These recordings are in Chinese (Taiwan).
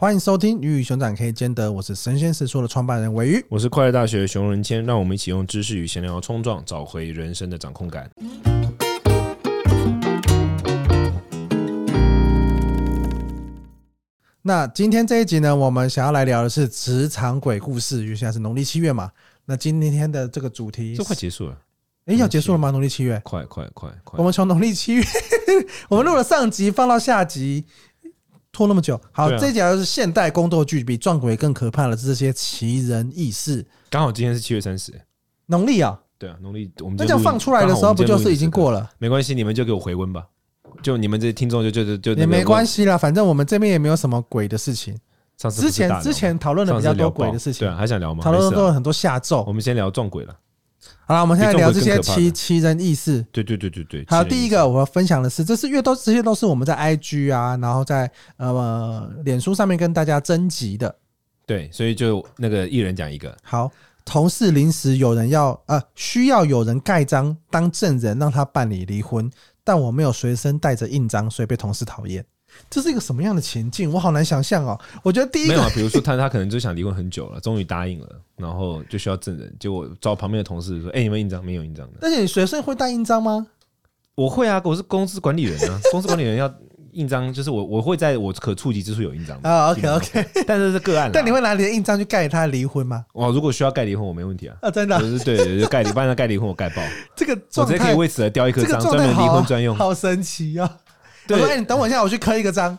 歡迎收聽《魚與熊掌可以兼得》，我是神仙時說的創辦人尾魚，我是快樂大學的熊仁謙，讓我們一起用知識與閒聊衝撞，找回人生的掌控感。那今天這一集呢，我們想要來聊的是職場鬼故事。因為現在是農曆七月嘛，那今天的這個主題是，就快結束了，哎。誒，歷要結束了嗎？農曆七月，快快快快！我們從農曆七月， 我們錄了上集，放到下集。拖那麼久，好，啊、這講的是現代宮鬥劇，比撞鬼更可怕的是這些奇人異事，剛好今天是七月三十，農曆啊，對啊，農曆我們那放出來的時候，不就是已經過了？沒關係，你們就給我回溫吧，就你們這些聽眾就就就也沒關係啦。反正我們這邊也沒有什麼鬼的事情。上次之前之前討論了比較多鬼的事情，對、啊，還想聊嗎？討論了很多下咒、啊，我們先聊撞鬼了。好了，我們現在聊這些奇奇人軼事。對對對對對。好，第一個我要分享的是，這是因為這些都是我們在 IG 啊，然後在呃臉書上面跟大家徵集的。對，所以就那個一人講一個。好，同事臨時有人要呃需要有人蓋章當證人，讓他辦理離婚，但我沒有隨身帶着印章，所以被同事討厭。這是一個什麼樣的情境？我好難想象哦。我覺得第一沒有啊，比如說他他可能就想離婚很久了，終於答應了，然後就需要證人。結果我找旁邊的同事說：“哎、欸，有沒有印章？沒有印章的。”但是你隨身會帶印章嗎？我會啊，我是公司管理員啊。 公司管理員要印章，就是我我會在我可觸及之處有印章啊。OK OK，但是是個案。 但你會拿你的印章去蓋他離婚嗎？哦，如果需要蓋離婚，我沒問題啊。啊，真的、啊？對對蓋離婚，他蓋離婚我蓋爆這個狀態，我可以為此而雕一顆章，專門離婚專用，好神奇呀、啊。對，對、哎，你等我一下，我去刻一個章。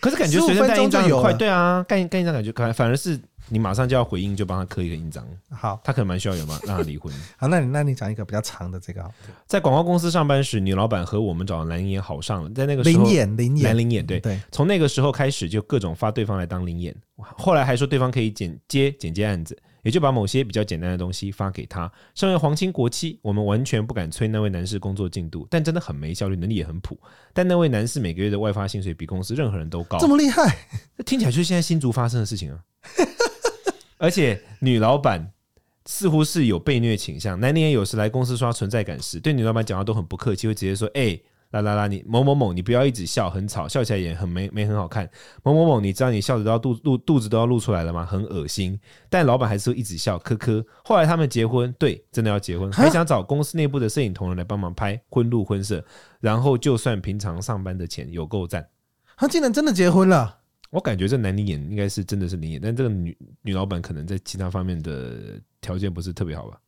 可是感覺隨身帶印章，十五分鐘就有。對啊，蓋蓋印章感覺快。反而是你馬上就要回應，就幫他刻一個印章。好，他可能蠻需要有嘛，讓他離婚。 好，那你那你講一個比較長的這個。在廣告公司上班時，女老板和我們找的男演好上了。在那個時候，臨演臨演，對、嗯、對。從那個時候開始，就各種發對方來當臨演。後來還說對方可以剪接剪接案子。”也就把某些比較簡單的東西發給他。身為皇親國戚，我們完全不敢催那位男士工作進度，但真的很沒效率，能力也很普。但那位男士每個月的外發薪水比公司任何人都高，這麼厲害？聽起來就是現在新竹發生的事情啊！ 而且女老板似乎是有被虐傾向，男人也有時來公司刷存在感時，對女老板講話都很不客氣，會直接說：“哎、欸。”啦啦啦！你某某某，你不要一直笑，很吵，笑起來也很沒沒很好看。某某某，你知道你笑得到肚子肚子都要露出來了嗎？很噁心。但老板還是會一直笑，呵呵。後來他們結婚，對，真的要結婚，蛤還想找公司內部的攝影同仁來幫忙拍婚錄婚攝，然後就算平常上班的錢有夠賺。他竟然真的結婚了！我感覺這男的演應該是真的是靈演，但這個女女老板可能在其他方面的條件不是特別好吧？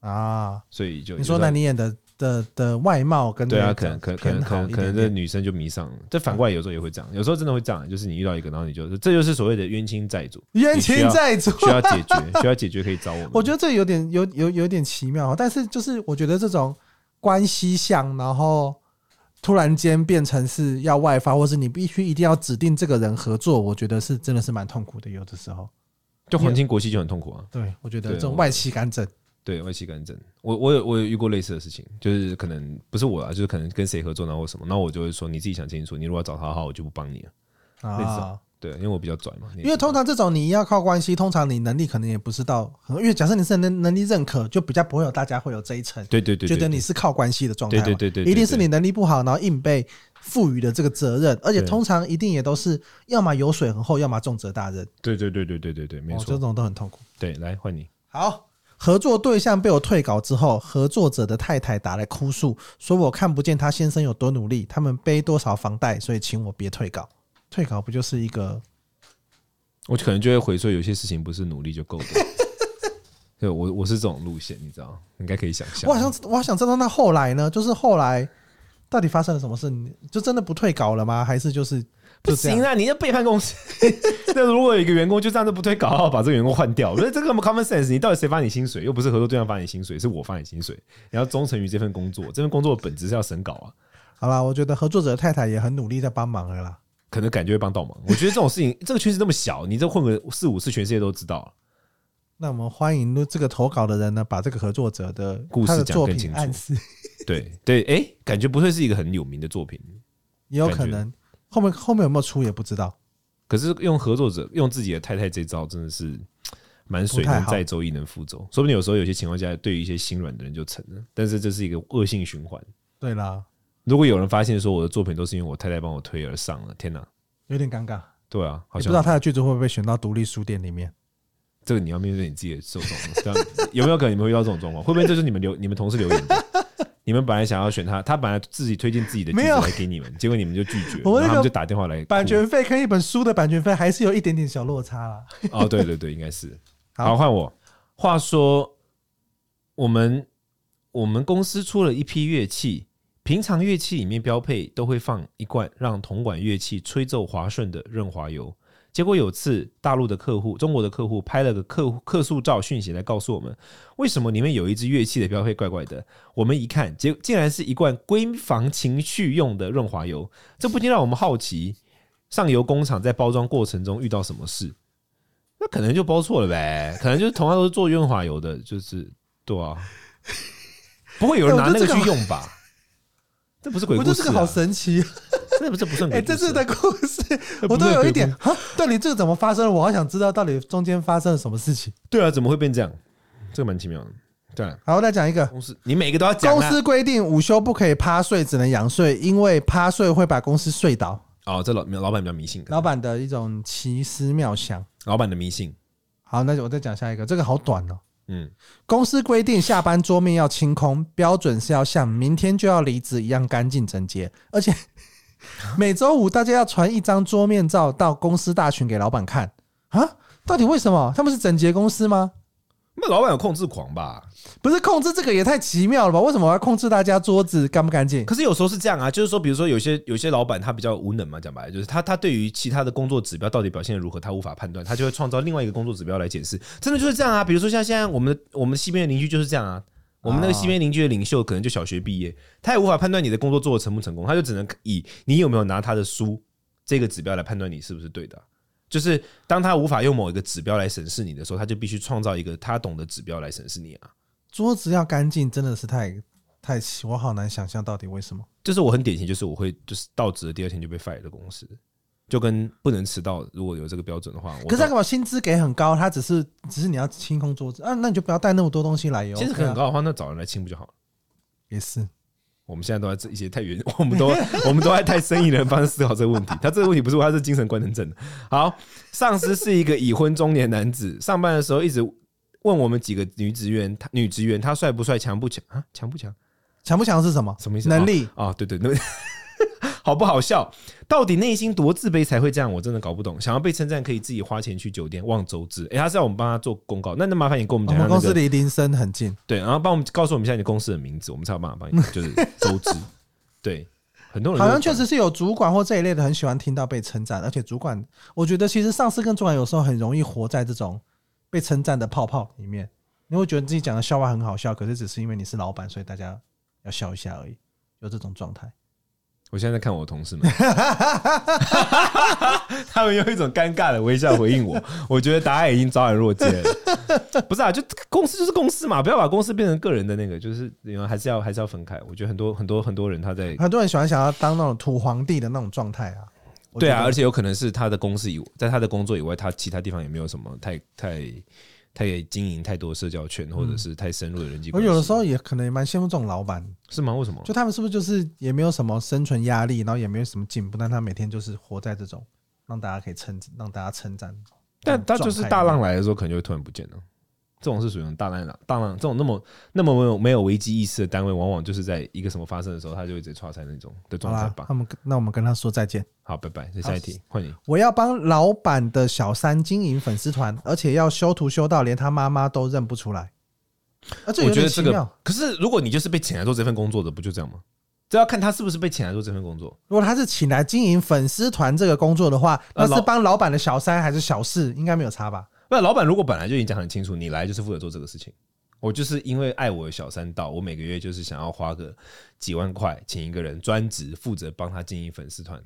啊，所以就你說男的演的。的的外貌跟對啊，可能可能點點可能可能，可能這女生就迷上了。這反過來有時候也會這樣，嗯、有時候真的會這樣。就是你遇到一個，然後你就這就是所謂的冤親債主，冤親債主需要， 需要解決，需要解決可以找我們。我覺得這有點有有有點奇妙，但是就是我覺得這種關係向，然後突然間變成是要外發，或是你必須一定要指定這個人合作，我覺得是真的是蠻痛苦的。有的時候，就皇親國戚就很痛苦啊。對我覺得這種外戚干政對，外戚干政，我我有我有遇過類似的事情，就是可能不是我，啊，就是可能跟誰合作，然後什麼，然後我就會說，你自己想清楚，你如果找他的話，我就不幫你了。類似，對，因為我比較拽嘛。因為通常這種你要靠關係，通常你能力可能也不是到，因為假設你是能能力認可，就比較不會有大家會有這一層。對對對。覺得你是靠關係的狀態，對對對，一定是你能力不好，然後硬被賦予的這個責任，而且通常一定也都是要麼油水很厚，要麼重責大任。對對對對對對對，沒錯，這種都很痛苦。對，來換你。好。合作對象被我退稿之後，合作者的太太打來哭訴，說我看不見她先生有多努力，他們背多少房貸，所以請我別退稿。退稿不就是一個，我可能就會回說，有些事情不是努力就夠的。 對，我我是這種路線，你知道，應該可以想象。我好像我好想知道，那後來呢？就是後來到底發生了什麼事？就真的不退稿了嗎？還是就是？不行啊！你要背叛公司。 那如果有一個員工就這樣子不推稿，好好把這個員工換掉，我覺得這個沒 common sense。你到底誰發你薪水？又不是合作對象發你薪水，是我發你薪水。你要忠誠於這份工作，這份工作本質是要審稿啊。好啦，我覺得合作者太太也很努力在幫忙了啦。可能感覺會幫倒忙。我覺得這種事情，這個圈子那麼小，你這混個四五次，全世界都知道。啊、那我們歡迎這個投稿的人呢，把這個合作者的故事講更清楚。對 對，哎、欸，感覺不會是一個很有名的作品。也有可能。後面後面有沒有出也不知道，可是用合作者用自己的太太這招真的是蠻水能載舟亦能覆舟，不說不定有時候有些情況下對於一些心軟的人就成了，但是這是一個惡性循環。對啦，如果有人發現說我的作品都是因為我太太幫我推而上了，天哪，有點尷尬。對啊，我不知道他的劇組會不會被選到獨立書店裡面。這個你要面對你自己的受眾， 有沒有可能你們會遇到這種狀況？會不會就是你們留你們同事留言？ 你們本來想要選他，他本來自己推薦自己的書來給你們，沒有 結果你們就拒絕，那然後他們就打電話來。版權費跟一本書的版權費還是有一點點小落差啦。哦，對對對，應該是。 好，換我。話說，我們我們公司出了一批樂器，平常樂器裡面標配都會放一罐讓銅管樂器吹奏滑順的潤滑油。結果有次，大陸的客戶、中國的客戶拍了個客戶客訴照訊息來告訴我們，為什麼裡面有一支樂器的標配怪怪的？我們一看，結竟然是一罐閨房情趣用的潤滑油，這不禁讓我們好奇，上游工廠在包裝過程中遇到什麼事？那可能就包錯了唄，可能就是同樣都是做潤滑油的，就是對啊，不會有人拿那個去用吧？這，這不是鬼故事，啊，就這個好神奇。這不是不是，哎、欸，這是在故事我都有一點啊，到底這個怎麼發生的？我好想知道到底中間發生了什麼事情。對啊，怎麼會變這樣？這個蠻奇妙的。對，好，我再講一個。公司，你每個都要講。公司規定午休不可以趴睡，只能仰睡，因為趴睡會把公司睡倒。哦，這老老闆比較迷信。老闆的一種奇思妙想。老闆的迷信。好，那就我再講下一個。這個好短哦。嗯，公司規定下班桌面要清空，標準是要像明天就要離職一樣乾淨整潔，而且。每週五大家要傳一張桌面照到公司大群給老闆看啊？到底為什麼？他們是整潔公司嗎？那老闆有控制狂吧？不是控制這個也太奇妙了吧？為什麼我要控制大家桌子乾不乾淨？可是有時候是這樣啊，就是說，比如說，有些有些老闆他比較無能嘛，講白了就是他他對於其他的工作指標到底表現如何，他無法判斷，他就會創造另外一個工作指標來解釋。真的就是這樣啊，比如說像現在我們我們西邊的鄰居就是這樣啊。我們那個西邊鄰居的領袖可能就小學畢業，他也無法判斷你的工作做得成不成功，他就只能以你有沒有拿他的書這個指標來判斷你是不是對的。就是當他無法用某一個指標來審視你的時候，他就必須創造一個他懂的指標來審視你啊。桌子要乾淨，真的是太太奇，我好難想象到底為什麼。就是我很典型，就是我會就是到職的第二天就被 fire 的公司。就跟不能遲到，如果有這個標準的話，可是他把薪資給很高，他只是只是你要清空桌子啊，那你就不要帶那麼多東西來喲。薪資很高的話，啊、那找人來清不就好了？也是，我們現在都在這一些太遠，我們都 我們都在太生意人，方式思考這個問題。他這個問題不是，他是精神官能症。好，上司是一個已婚中年男子， 上班的時候一直問我們幾個女職員，女職員他女職員她帥不帥，強不強啊？強不強？強不強是什麼？什麼意思？能力啊、哦哦？對對，對， 好不好笑？到底內心多自卑才會這樣？我真的搞不懂。想要被稱讚，可以自己花錢去酒店望周知。誒、欸，他是要我們幫他做公告，那那麻煩你跟我們講，那個。我們公司離林森很近，對，然後幫我們告訴我們一下你公司的名字，我們才有辦法幫你。就是周知， 對，很多人好像確實是有主管或這一類的，很喜歡聽到被稱讚。而且主管，我覺得其實上司跟主管有時候很容易活在這種被稱讚的泡泡裡面，你會覺得自己講的笑話很好笑，可是只是因為你是老板，所以大家要笑一下而已，就這種狀態。我現在在看我的同事們， 他們用一種尷尬的微笑回應我。我覺得答案已經昭然若揭了。不是啊，就公司就是公司嘛，不要把公司變成個人的那個，就是你們還是要還是要分開。我覺得很多很多很多人他在，很多人喜歡想要當那種土皇帝的那種狀態啊。對啊，而且有可能是他的公司以在他的工作以外，他其他地方也沒有什麼太太。他也經營太多社交圈，或者是太深入的人際關係。嗯，我有的時候也可能也蠻羨慕這種老板。是嗎？為什麼？就他們是不是就是也沒有什麼生存壓力，然後也沒有什麼進步，但他每天就是活在這種讓大家可以稱，讓大家稱讚，但他就是大浪來的時候，可能就會突然不見了。哦這種是屬於大浪的。大浪這種那麼那麼沒有沒有危機意識的單位，往往就是在一個什麼發生的時候，他就會直接垮台那種的狀態吧。那我們跟，那我們跟他說再見，好，拜拜。下一題，換好。你我要幫老闆的小三經營粉絲團，而且要修圖修到連他媽媽都認不出來。奇妙，我覺得這個，可是如果你就是被請來做這份工作的，不就這樣嗎？這要看他是不是被請來做這份工作。如果他是請來經營粉絲團這個工作的話，那是幫老闆的小三還是小四？應該沒有差吧？那老闆如果本來就已經講很清楚，你來就是負責做這個事情。我就是因為愛我的小三到我每個月就是想要花個幾萬塊，請一個人專職負責幫他經營粉絲團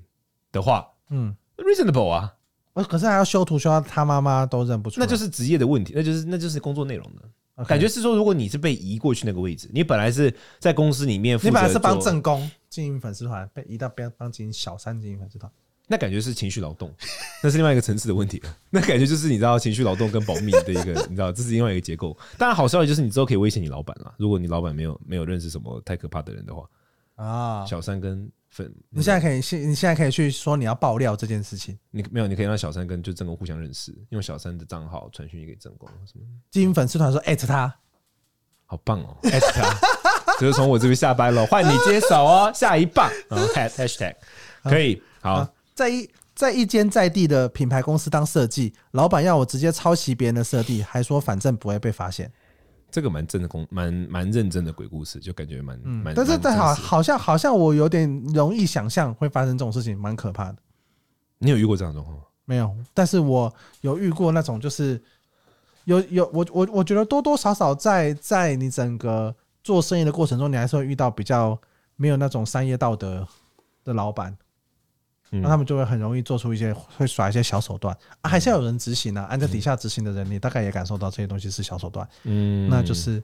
的話，嗯，reasonable 啊。可是還要修圖修到他媽媽都認不出，那就是職業的問題，那就是那就是工作內容的 Okay 感覺是說，如果你是被移過去那個位置，你本來是在公司裡面，你本來是幫正宮經營粉絲團，被移到邊幫經營小三經營粉絲團。那感覺是情緒勞動，那是另外一個層次的問題。那感覺就是你知道情緒勞動跟保密的一個，你知道這是另外一個結構。當然好消息就是你之後可以威脅你老闆了，如果你老闆沒有沒有認識什麼太可怕的人的話啊。小三跟粉，你現在可以現你現在可以去說你要爆料這件事情。你沒有，你可以讓小三跟就正宮互相認識，用小三的賬號傳訊息給正宮什麼粉絲團說 at 他，好棒哦，at 他。只是從我這邊下班了，換你接手哦，下一棒嗯 #hashtag 可以好。在一在一間在地的品牌公司當設計，老闆要我直接抄襲別人的設計，還說反正不會被發現。這個蠻真的公蠻蠻認真的鬼故事，就感覺蠻，嗯，蠻，但是但好，好像好像我有點容易想象會發生這種事情，蠻可怕的。你有遇過這樣狀況嗎？沒有，但是我有遇過那種，就是有有我我我覺得多多少少在在你整個做生意的過程中，你還是會遇到比較沒有那種商業道德的老闆。那他們就會很容易做出一些會耍一些小手段，啊，還是要有人執行呢、啊？按照底下執行的人，你大概也感受到這些東西是小手段。嗯，那就是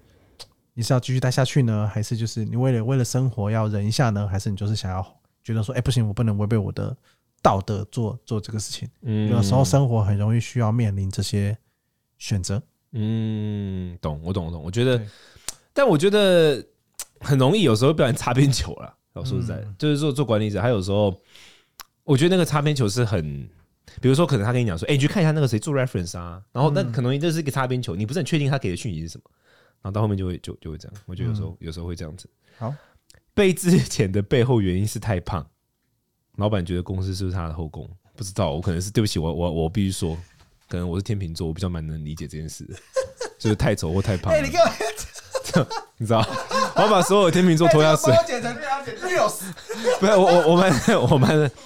你是要繼續待下去呢，還是就是你為了為了生活要忍一下呢？還是你就是想要覺得說，哎，不行，我不能違背我的道德做做這個事情？嗯，有時候生活很容易需要面臨這些選擇、嗯。嗯，懂，我懂，我懂。我覺得，對，但我覺得很容易有時候不小心擦邊球了。我說實在，嗯、就是做做管理者，還有時候。我覺得那個擦邊球是很，比如說可能他跟你講說，哎、欸，你去看一下那個誰做 reference 啊，然後那可能就是一個擦邊球，你不是很確定他給的訊息是什麼，然後到後面就會就就會這樣，我覺得有時候、嗯、有時候會這樣子。好，被資遣的背後原因是太胖，老闆覺得公司是不是他的後宮？不知道，我可能是對不起我我我必須說，可能我是天秤座，我比較蠻能理解這件事的， 就是太醜或太胖。哎、欸，你給我， 你知道？我把所有的天秤座拖下水，欸這個、我 不是，我我我們我們。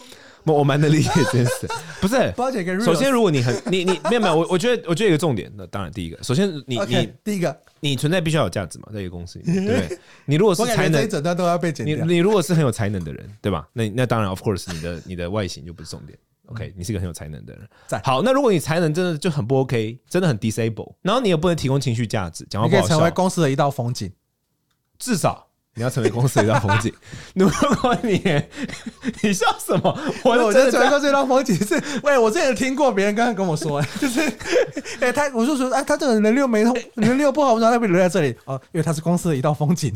我蠻能理解，這件事。不是。首先，如果你很你你沒有沒有，我我覺得我覺得有個重點，那當然第一個，首先你你第一個你存在必須要有價值嘛，在一個公司裡面，對不對？你如果是才能，你如果是很有才能的人，對吧？那那當然，of course，你的你的外形就不是重點。OK，你是個很有才能的人，好。那如果你才能真的就很不 OK，真的很 disable，然後你也不能提供情緒價值，講話不好聽，成為公司的一道風景，至少。你要成為公司的一道風景， 如果你你笑什麼？我我真的我覺得成為公司的這道風景是，喂，我之前聽過別人剛剛跟我說，就是，哎、欸，他，我說說，哎、啊，他這個人能力又沒，能力又不好，我說他被留在這裡，哦，因為他是公司的一道風景。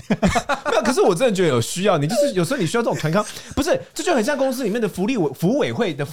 那 可是我真的覺得有需要你，就是有時候你需要這種團康，不是，這就很像公司裡面的福利委、福委會的。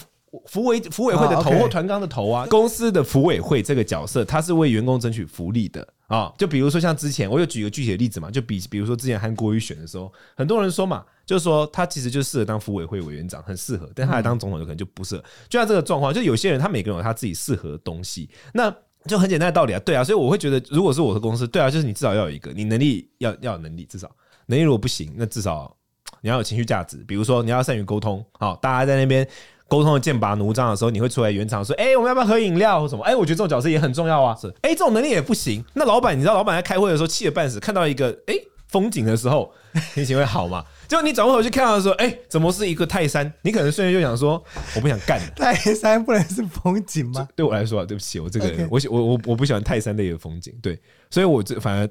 福委、福委會的頭或團剛的頭啊，啊，okay、公司的福委會這個角色，他是為員工爭取福利的啊、哦。就比如說像之前，我有舉一個具體的例子嘛，就比比如說之前韓國瑜選的時候，很多人說嘛，就是說他其實就適合當福委會委員長，很適合，但他還當總統有可能就不適合。就像這個狀況，就有些人他每個人有他自己適合的東西，那就很簡單的道理啊，對啊。所以我會覺得，如果是我的公司，對啊，就是你至少要有一個，你能力要要有能力，至少能力如果不行，那至少你要有情緒價值，比如說你要善於溝通，好，大家在那邊。溝通的劍拔弩張的時候，你會出來圓場，說：“哎、欸，我們要不要喝飲料或什麼？”哎、欸，我覺得這種角色也很重要啊。是，哎，這種能力也不行。那老闆，你知道老闆在開會的時候氣得半死，看到一個哎、欸、風景的時候，心情會好嗎？就 你轉過頭去看的時候，哎、欸，怎麼是一個泰山？你可能瞬間就想說：“我不想幹了。” 泰山不能是風景嗎？對我來說，對不起，我這個 Okay. 我我我我不喜歡泰山類的風景。對，所以我這反而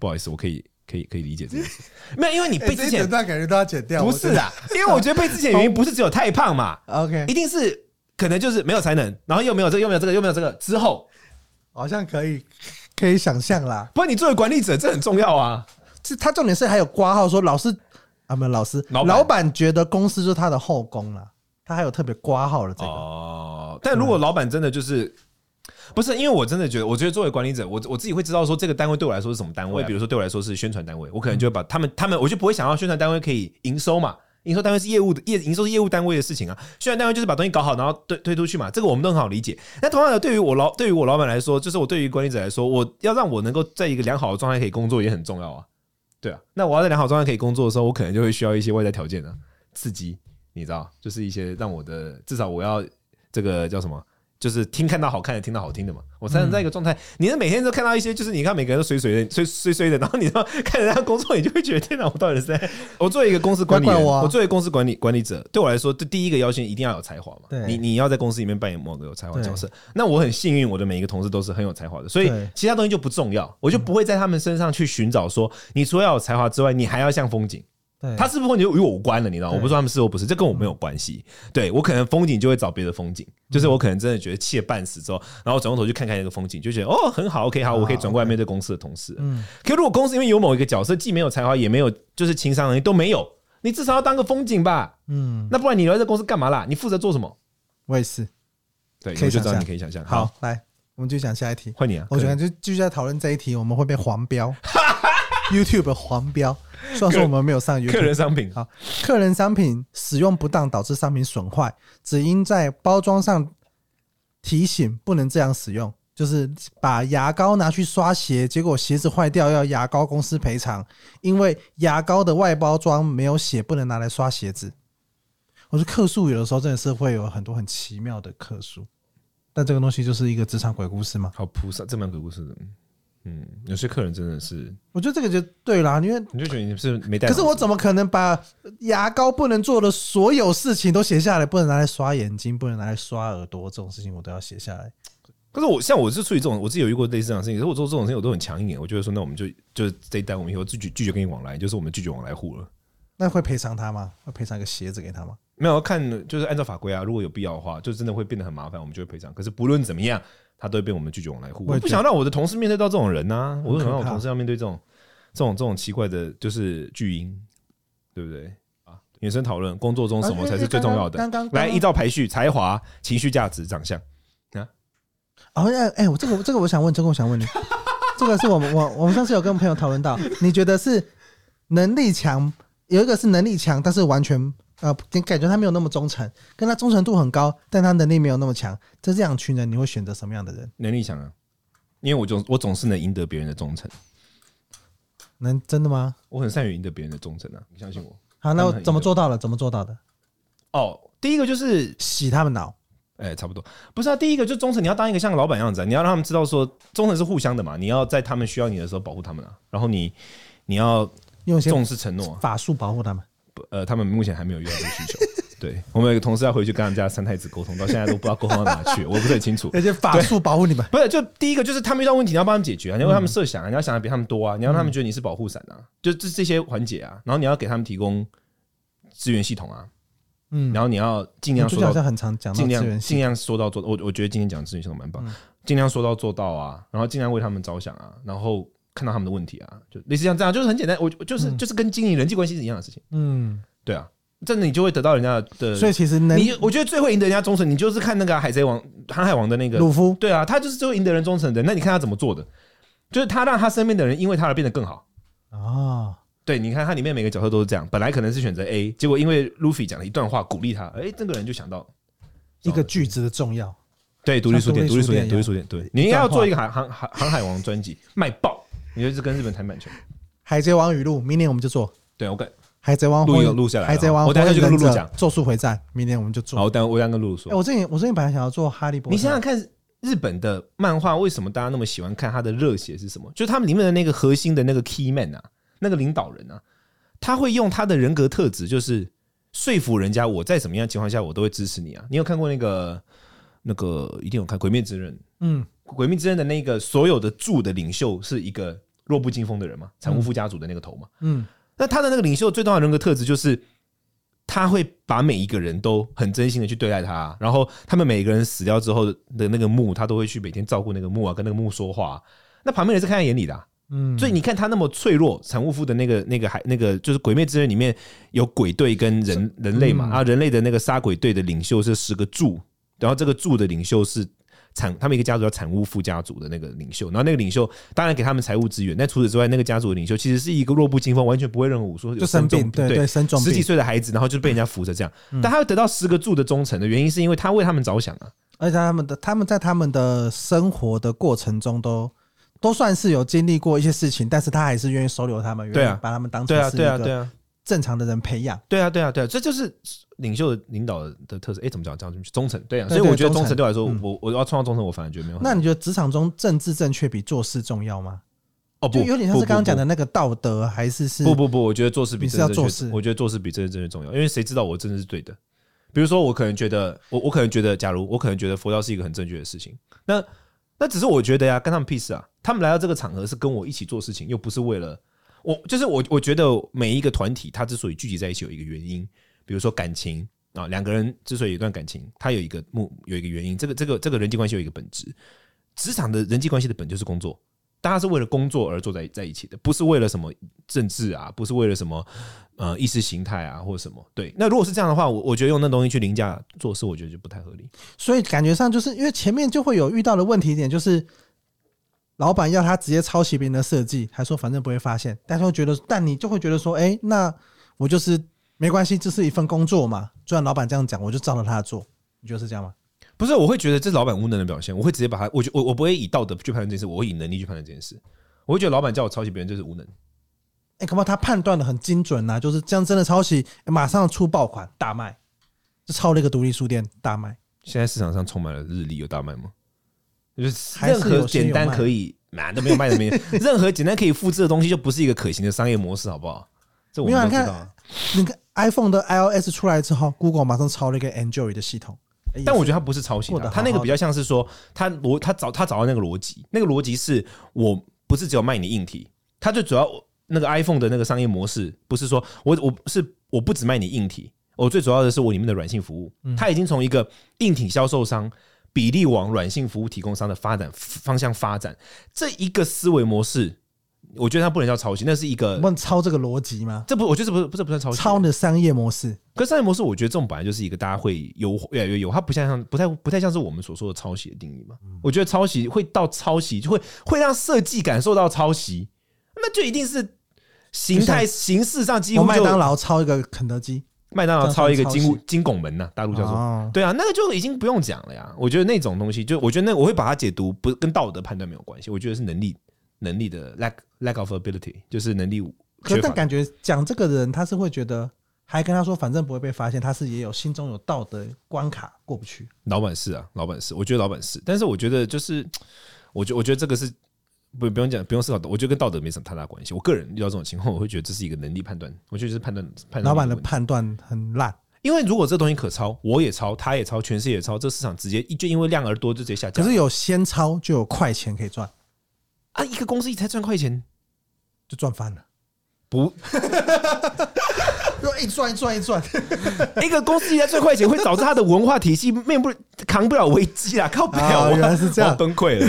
不好意思，我可以。可以可以理解自己，沒有，因為你被之前感覺都要剪掉，不是啦，因為我覺得被之前的原因不是只有太胖嘛，OK，一定是可能就是沒有才能，然後又沒有這個、又沒有這個又沒有這個之後，好像可以可以想象啦。不過你作為管理者，這很重要啊，是他重點是還有括號說老師啊，沒有老師老板覺得公司就是他的後宮啦，他還有特別括號的這個。哦，但如果老板真的就是。不是，因為我真的覺得，我覺得作為管理者，我我自己會知道說這個單位對我來說是什麼單位啊。比如說，對我來說是宣傳單位，我可能就把他們，他們我就不會想要宣傳單位可以營收嘛。營收單位是業務的業，營收是業務單位的事情啊。宣傳單位就是把東西搞好，然後推推出去嘛。這個我們都很好理解。那同樣的，對於我老，對於我老闆來說，就是我對於管理者來說，我要讓我能夠在一個良好的狀態可以工作也很重要啊。對啊，那我要在良好狀態可以工作的時候，我可能就會需要一些外在條件啊，刺激，你知道，就是一些讓我的至少我要這個叫什麼？就是聽看到好看的，聽到好聽的嘛。我站在一個狀態，嗯、你是每天都看到一些，就是你看每個人都水水的、水水水的，然後你然看人家工作，你就會覺得天哪，我到底是在？我作為一個公司管理，我，啊、我作為公司管理管理者，對我來說，這第一個要求一定要有才華嘛。對 你你要在公司裡面扮演某個有才華的角色，對 那我很幸運，我的每一個同事都是很有才華的，所以其他東西就不重要，我就不會在他們身上去尋找說，嗯、你除了要有才華之外，你還要像風景。他是不是跟你就與我無關了？你知道，我不知道他們是或不是，這跟我沒有關係。對我可能風景就會找別的風景，就是我可能真的覺得氣得半死之後，然後轉過頭去看看那個風景，就覺得哦，很好，OK，好，我可以轉過來面對公司的同事。嗯，可如果公司因為有某一個角色既沒有才華，也沒有就是情商能力都沒有，你至少要當個風景吧？嗯，那不然你留在這公司幹嘛啦？你負責做什麼？我也是。對，可以想象。好，來，我們繼續講下一題。換你，啊，我覺得就繼續在討論這一題，我們會被黃標。YouTube 黃標，雖然說我們沒有上 YouTube。客人商品啊，客人商品使用不當導致商品損壞，只因在包裝上提醒不能這樣使用，就是把牙膏拿去刷鞋，結果鞋子壞掉要牙膏公司賠償，因為牙膏的外包裝沒有寫不能拿來刷鞋子。我說客訴有的時候真的是會有很多很奇妙的客訴，但這個東西就是一個職場鬼故事嘛。好菩，菩薩這麼鬼故事。嗯，有些客人真的是，我覺得這個就對啦。因為你就覺得你是沒帶，可是我怎麼可能把牙膏不能做的所有事情都寫下來？不能拿來刷眼睛，不能拿來刷耳朵，這種事情我都要寫下來。可是我像我是處於這種，我自己有遇過類似這樣的事情，如果做這種事情我都很強硬，我我會說，那我們就就是這一單，我們以後拒絕拒絕跟你往來，就是我們拒絕往來戶了。那會賠償他嗎？會賠償一個鞋子給他嗎？沒有看，就是按照法規啊。如果有必要的話，就真的會變得很麻煩，我們就會賠償。可是不論怎麼樣，他都會被我們拒絕往來戶。我不想讓我的同事面對到這種人呢、啊。對我不想讓我同事要面對這種、靠這種、這種奇怪的，就是巨嬰，對不對？啊！女生討論工作中什麼才是最重要的？來，依照排序：才華、情緒價值、長相啊。啊！哎，我這個這個，我想問，這個我想問你，這個是我們我我們上次有跟朋友討論到，你覺得是能力強？有一個是能力強，但是完全。啊，你、呃、感覺他沒有那麼忠誠，跟他忠誠度很高，但他能力沒有那麼強。這樣一群人，你會選擇什麼樣的人？能力強啊，因為我總我總是能贏得別人的忠誠。能真的嗎？我很善於贏得別人的忠誠啊，你相信我。好，那我怎麼做到了？怎麼做到的？哦，第一個就是洗他們腦。哎、欸，差不多，不是啊。第一個就是忠誠，你要當一個像個老闆樣子，啊，你要讓他們知道說忠誠是互相的嘛。你要在他們需要你的時候保護他們啊。然後你你要重視承諾，用些法術保護他們。呃，他們目前還沒有遇到這個需求。 對，我們有個同事要回去跟他們家三太子溝通，到現在都不知道溝通到哪去，我不是很清楚。而且法術保護你，對對你們，不是？就第一個就是他們遇到問題，你要幫他們解決啊，你要為他們設想啊，嗯、你要想的比他們多啊，你要讓他們覺得你是保護傘啊，嗯、就這這些環節啊。然後你要給他們提供資源系統啊，嗯，然後你要盡量說到盡量，好像很常講盡量盡量說到做到。我我覺得今天講資源系統蠻棒，盡、嗯、量說到做到啊，然後盡量為他們着想啊，然後。看到他們的問題啊，就類似像這樣，就是很簡單，我就是就是跟經營人際關係是一樣的事情。嗯，對啊，這樣你就會得到人家的。所以其實你，我覺得最會贏得人家忠誠，你就是看那個海賊王、航海王的那個魯夫。對啊，他就是最會贏得人忠誠的。那你看他怎麼做的？就是他讓他身邊的人因為他而變得更好。啊，對，你看他裡面每個角色都是這樣，本來可能是選擇 A，結果因為 Luffy 講了一段話鼓勵他，哎，這個人就想到一個句子的重要。對，獨立書店，獨有立書店，獨有立書店，對，段你應該要做一個航海航海王專輯賣爆。你就是跟日本談版權，《海賊王》語錄，明年我們就做。對，我跟《海賊王》錄音錄下來，《海賊王》我等一下去跟露露講。咒術迴戰，明年我們就做。好、哦，等我等跟露露說。欸、我之前我之前本來想要做《哈利波特》。你想想看，日本的漫畫為什麼大家那麼喜歡看？他的熱血是什麼？就他們裡面的那個核心的那個 key man 啊，那個領導人啊，他會用他的人格特質，就是說服人家，我在什麼樣的情況下，我都會支持你啊。你有看過那個那個？一定有看《鬼滅之刃》？嗯。鬼滅之刃的那個所有的柱的領袖是一個弱不禁風的人嘛？產物夫家族的那個頭嘛？嗯，嗯那他的那個領袖最重要的人格特質就是，他會把每一個人都很真心的去對待他、啊。然後他們每一個人死掉之後的那個墓，他都會去每天照顧那個墓啊，跟那個墓說話、啊。那旁邊人是看在眼裡的、啊，嗯。所以你看他那麼脆弱，產物夫的那個那個還那個就是鬼滅之刃裡面有鬼隊跟人、嗯、人類嘛？啊，人類的那個殺鬼隊的領袖是十個柱，然後這個柱的領袖是。產他們一個家族叫產屋敷家族的那個領袖，然後那個領袖當然給他們財務資源，但除此之外，那個家族的領袖其實是一個弱不禁風，完全不會任何武術，就生病，對對，生重病，十幾歲的孩子，然後就被人家扶着這樣，但他得到十個柱的忠誠的原因是因為他為他們着想啊，而且他們的他們在他們的生活的過程中都都算是有經歷過一些事情，但是他還是願意收留他們，對，把他們當成，對啊對啊對啊。正常的人培養，對啊,對,啊對啊，對啊，對啊，這就是領袖領導的特色。哎、欸，怎麼講？講忠誠，對啊。所以我覺得忠誠對我來說，我我要創造忠誠，我反而覺得沒有、嗯。那你覺得職場中政治正確比做事重要嗎？哦，不，有點像是剛剛講的那個道德，不不不還是是不不不？我覺得做事比政治正確。我覺得做事比政治正確重要，因為誰知道我真的是對的？比如說，我可能覺得，我我可能覺得，假如我可能覺得佛教是一個很正確的事情，那那只是我覺得呀，跟他們屁事啊！他們來到這個場合是跟我一起做事情，又不是為了。我就是我，我覺得每一個團體，他之所以聚集在一起，有一個原因，比如說感情啊，兩個人之所以有一段感情，他有一個目，有一個原因，這個這個這個人際關係有一個本質，職場的人際關係的本就是工作，大家是為了工作而坐在在一起的，不是為了什麼政治啊，不是為了什麼呃意識形態啊或者什麼，對。那如果是這樣的話，我我覺得用那東西去凌駕做事，我覺得就不太合理。所以感覺上就是因為前面就會有遇到的問題點就是。老闆要他直接抄襲別人的設計，還說反正不會發現。大家會覺得，但你就會覺得說，哎、欸，那我就是沒關係，這是一份工作嘛。就按老闆這樣講，我就照着他做。你覺得是這樣嗎？不是，我會覺得這是老闆無能的表現。我會直接把他，我我我不會以道德去判斷這件事，我會以能力去判斷這件事。我會覺得老闆叫我抄襲別人就是無能。哎、欸，可不，他判斷得很精準吶、啊，就是這樣，真的抄襲、欸、馬上出爆款大賣，就抄了一個獨立書店大賣。現在市場上充滿了日曆，有大賣嗎？就是任何簡單可以，買都沒有賣的沒有。 任何簡單可以複製的東西，就不是一個可行的商業模式，好不好？這我們都知道。你看，iPhone 的 iOS 出來之後，Google 馬上抄了一個 Android 的系統。但我覺得它不是抄襲的，它那個比較像是說，它邏它找它找到那個邏輯，那個邏輯是，我不是只有賣你硬體，它最主要那個 iPhone 的那個商業模式，不是說我我是我不只賣你硬體，我最主要的是我裡面的軟性服務，它已經從一個硬體銷售商比例往軟性服務提供商的發展方向發展，這一個思維模式，我覺得它不能叫抄襲，那是一個。問抄這個邏輯嗎？這不，我覺得這不是不是不算抄襲，抄的商業模式。可商業模式，我覺得這種本來就是一個大家會有越來越有，它不像像不太不太像是我們所說的抄襲的定義嘛。我覺得抄襲會到抄襲，就會會讓設計感受到抄襲，那就一定是形態為形式上幾乎麥當勞抄一個肯德基。麥當勞抄一個金金拱門吶、啊，大陸叫做對啊，那個就已經不用講了呀。我覺得那種東西，就我覺得那我會把它解讀不跟道德判斷沒有關係，我覺得是能力能力的 lack lack of ability，就是能力。可但感覺講這個人，他是會覺得還跟他說，反正不會被發現，他是也有心中有道德關卡過不去。老闆是啊，老闆是，我覺得老闆是，但是我覺得就是，我覺我覺得這個是。不，不用講，不用思考，我覺得跟道德沒什麼太大關係。我個人遇到這種情況，我會覺得這是一個能力判斷，我覺得這是判斷。判老板的判斷很爛，因為如果這東西可抄，我也抄，他也抄，全世界也抄，這市場直接就因為量而多，就直接下降。可是有先抄就有快錢可以賺啊！一個公司一直在賺快錢就賺翻了，不，又一賺一賺一賺，一個公司一直在賺快錢會導致他的文化體系面目。扛不了危機啦，靠不了我，原來是這樣，我要崩潰了，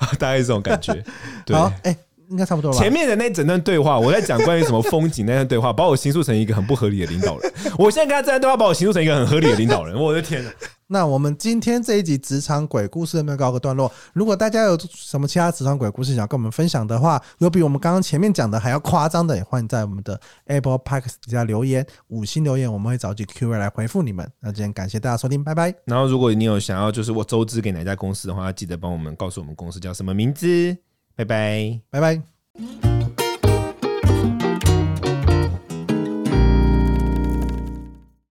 我大概是這種感覺。 對，哎，應該差不多了。前面的那整段對話，我在講關於什麼風景那段對話，把我形塑成一個很不合理的領導人。我現在跟他這段對話，把我形塑成一個很合理的領導人。我的天吶、啊。那我們今天這一集職場鬼故事，有沒有告個段落。如果大家有什麼其他職場鬼故事想跟我們分享的話，有比我們剛剛前面講的還要誇張的，也歡迎在我們的 Apple Packs 底下留言，五星留言，我們會找幾個 Q A 來回復你們。那今天感謝大家收聽，拜拜。然後如果你有想要就是我周知給你哪一家公司的話，記得幫我們告訴我們公司叫什麼名字，拜拜，拜拜。